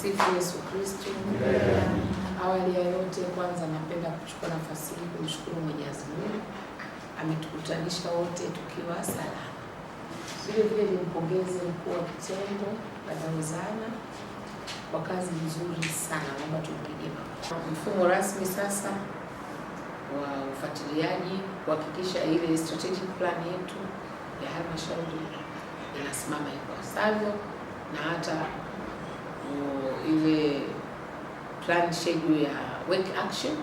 Tumsifu Yesu Kristo. Awali ya yote, kwanza napenda kuchukua nafasi hii kumshukuru Mwenyezi Mungu ametukutanisha wote tukiwa salama. Vile vile nimpongeze mkuu wa kitengo Badauzana kwa kazi nzuri sana, naomba tumpige makofi. Mfumo rasmi sasa wa ufuatiliaji kuhakikisha ile strategic plan yetu ya halmashauri inasimama ipasavyo na hata ile plan schedule ya work action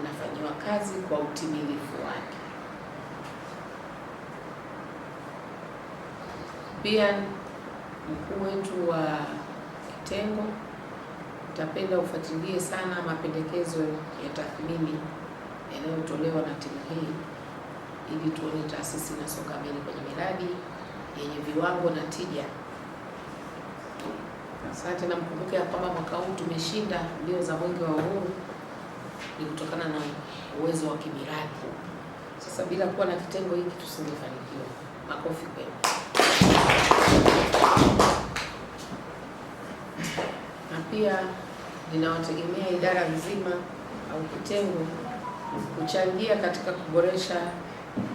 inafanyiwa kazi kwa utimilifu wake. Pia mkuu wetu wa kitengo, utapenda ufuatilie sana mapendekezo ya tathmini yanayotolewa na timu hii ili tuone taasisi inasonga mbele kwenye miradi yenye viwango na tija. Asante na mkumbuke ya kwamba mwaka huu tumeshinda mbio za mwenge wa uhuru ni kutokana na uwezo wa kimiradi. Sasa bila kuwa na kitengo hiki tusingefanikiwa. Makofi kwenu. Na pia ninawategemea idara nzima au kitengo kuchangia katika kuboresha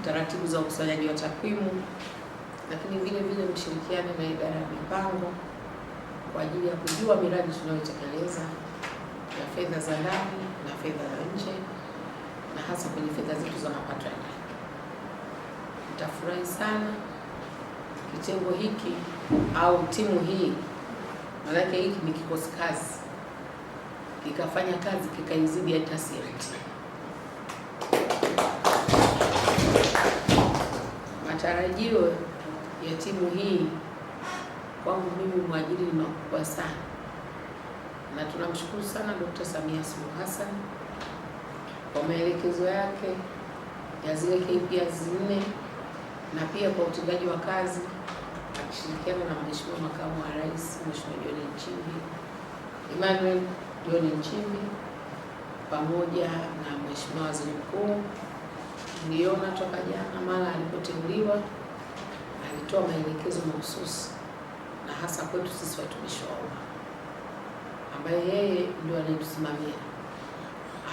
taratibu za ukusanyaji wa takwimu, lakini vile vile mshirikiano na idara ya mipango kwa ajili ya kujua miradi tunayotekeleza ya fedha za ndani na fedha za nje na hasa kwenye fedha zetu za mapato ya ndani. Nitafurahi sana kitengo hiki au timu hii, maanake hiki ni kikosi kazi, kikafanya kazi kikaizidi hata CRT. Matarajio ya timu hii kwangu mimi mwajiri ni makubwa sana, na tunamshukuru sana Dkt. Samia Suluhu Hassan kwa maelekezo yake ya zile KPIs nne na pia kwa utendaji wa kazi akishirikiana na Mheshimiwa Makamu wa Rais Mheshimiwa John Nchimbi, Emmanuel John Nchimbi pamoja na Mheshimiwa Waziri Mkuu. Niliona toka jana mara alipoteuliwa alitoa maelekezo mahususi hasa kwetu sisi watumishi wa umma, ambaye yeye ndio anayetusimamia,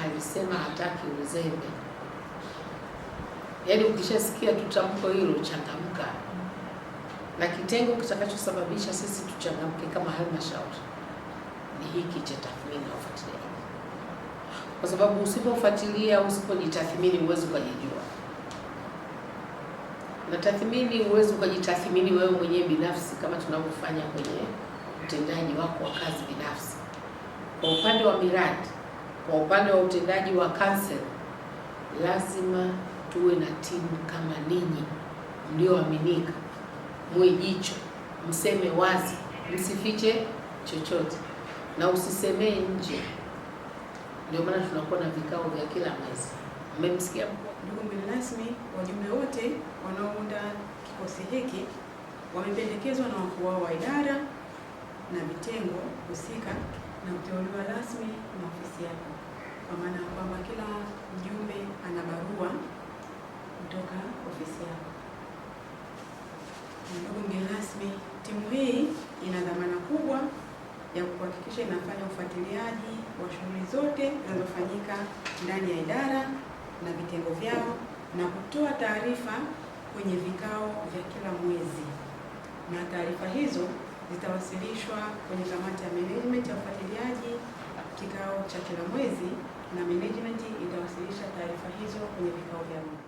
alisema hataki uzembe. Yaani ukishasikia tutamko hilo changamka, na kitengo kitakachosababisha sisi tuchangamke kama halmashauri ni hiki cha tathmini na ufuatiliaji, kwa sababu usipofuatilia, usipojitathmini, huwezi ukajijua na tathmini, huwezi ukajitathmini wewe mwenyewe binafsi kama tunavyofanya kwenye utendaji wako wa kazi binafsi. Kwa upande wa miradi, kwa upande wa utendaji wa council, lazima tuwe na timu kama ninyi mlioaminika, mwe jicho, mseme wazi, msifiche chochote na usisemee nje. Ndio maana tunakuwa na vikao vya kila mwezi. Mmemsikia ndugu mgeni rasmi, wajumbe wote wanaounda kikosi hiki wamependekezwa na wakuu wao wa idara na vitengo husika na kuteuliwa rasmi na ofisi yako, kwa maana ya kwamba kila mjumbe ana barua kutoka ofisi yako. Ndugu mgeni rasmi, timu hii ina dhamana kubwa ya kuhakikisha inafanya ufuatiliaji wa shughuli zote zinazofanyika ndani ya idara na vitengo vyao na kutoa taarifa kwenye vikao vya kila mwezi, na taarifa hizo zitawasilishwa kwenye kamati ya management ya ufuatiliaji kikao cha kila mwezi, na management itawasilisha taarifa hizo kwenye vikao mwezi.